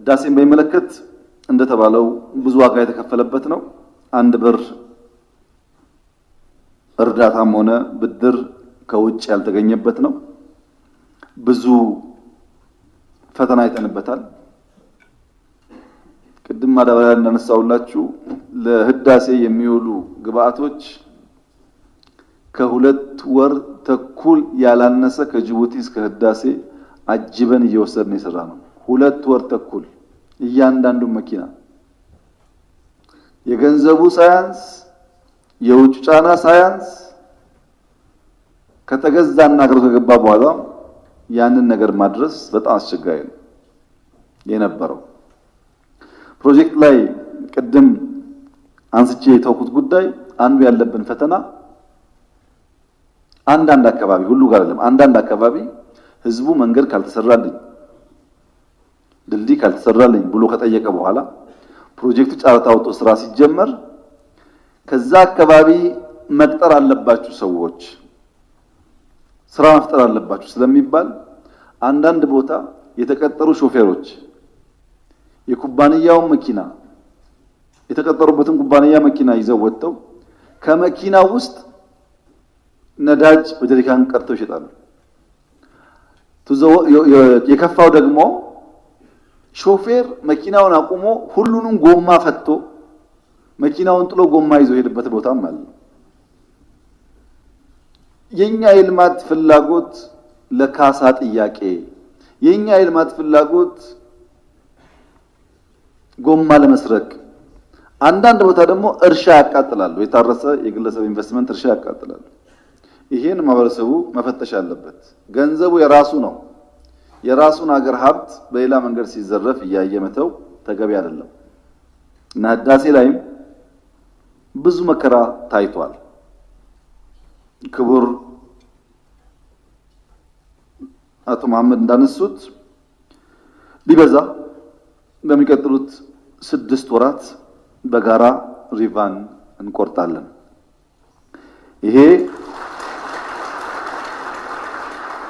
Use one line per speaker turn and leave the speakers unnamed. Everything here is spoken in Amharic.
ህዳሴን በሚመለከት እንደተባለው ብዙ ዋጋ የተከፈለበት ነው። አንድ ብር እርዳታም ሆነ ብድር ከውጭ ያልተገኘበት ነው። ብዙ ፈተና አይተንበታል። ቅድም ማዳበሪያ እንዳነሳውላችሁ ለህዳሴ የሚውሉ ግብአቶች ከሁለት ወር ተኩል ያላነሰ ከጅቡቲ እስከ ህዳሴ አጅበን እየወሰድን የሰራ ነው። ሁለት ወር ተኩል እያንዳንዱ መኪና የገንዘቡ ሳያንስ የውጭ ጫና ሳያንስ ከተገዛና አገር ከገባ በኋላ ያንን ነገር ማድረስ በጣም አስቸጋሪ ነው የነበረው። ፕሮጀክት ላይ ቅድም አንስቼ የተውኩት ጉዳይ አንዱ ያለብን ፈተና አንዳንድ አካባቢ ሁሉ ጋር አይደለም፣ አንዳንድ አካባቢ ህዝቡ መንገድ ካልተሰራልኝ ድልድይ ካልተሰራልኝ ብሎ ከጠየቀ በኋላ ፕሮጀክቱ ጨረታ ወጥቶ ስራ ሲጀመር ከዛ አካባቢ መቅጠር አለባችሁ ሰዎች ስራ መፍጠር አለባችሁ ስለሚባል አንዳንድ ቦታ የተቀጠሩ ሾፌሮች የኩባንያውን መኪና የተቀጠሩበትን ኩባንያ መኪና ይዘው ወጥተው ከመኪና ውስጥ ነዳጅ በጀሪካን ቀርተው ይሸጣሉ። የከፋው ደግሞ ሾፌር መኪናውን አቁሞ ሁሉንም ጎማ ፈቶ መኪናውን ጥሎ ጎማ ይዞ ሄድበት ቦታም አለ። የኛ የልማት ፍላጎት ለካሳ ጥያቄ፣ የኛ የልማት ፍላጎት ጎማ ለመስረቅ፣ አንዳንድ ቦታ ደግሞ እርሻ ያቃጥላሉ። የታረሰ የግለሰብ ኢንቨስትመንት እርሻ ያቃጥላሉ። ይሄን ማህበረሰቡ መፈተሽ አለበት። ገንዘቡ የራሱ ነው። የራሱን አገር ሀብት በሌላ መንገድ ሲዘረፍ እያየ መተው ተገቢ አይደለም እና ህዳሴ ላይም ብዙ መከራ ታይቷል። ክቡር አቶ መሐመድ እንዳነሱት ቢበዛ በሚቀጥሉት ስድስት ወራት በጋራ ሪቫን እንቆርጣለን። ይሄ